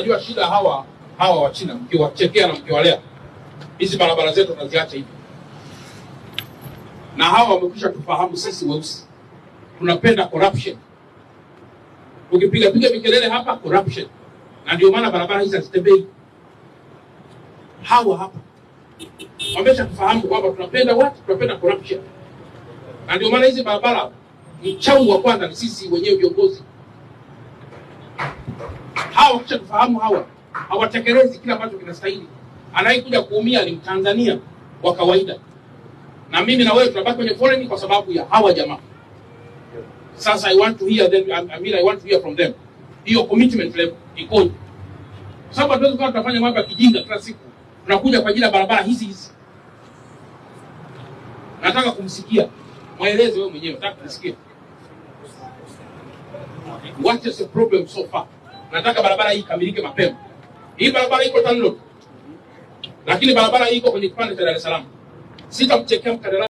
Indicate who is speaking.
Speaker 1: Najua shida hawa hawa wa China mkiwachekea na mkiwalea, hizi barabara zetu tunaziacha hivi, na hawa wamekwisha tufahamu sisi weusi tunapenda corruption. Ukipiga piga mikelele hapa corruption, na ndio maana barabara hizi hazitembei. Hawa hapa wamesha kufahamu kwamba tunapenda watu, tunapenda corruption, na ndio maana hizi barabara, mchango wa kwanza ni sisi wenyewe viongozi hawa kisha tufahamu hawa hawatekelezi kila ambacho kinastahili. Anayekuja kuumia ni Mtanzania wa kawaida, na mimi na wewe tunabaki kwenye foreign kwa sababu ya hawa jamaa. Sasa I want to hear them, I mean I want to hear from them hiyo commitment level ikoje? Kwa sababu hatuwezi kuwa tunafanya mambo ya kijinga kila siku, tunakuja kwa ajili ya barabara hizi hizi. Nataka kumsikia mweleze wewe mwenyewe, nataka kusikia what is the problem so far nataka barabara hii ikamilike mapema. Hii barabara iko Tanlop, lakini barabara hii iko kwenye kipande cha Dar es Salaam. Sitamchekea mkandarasi.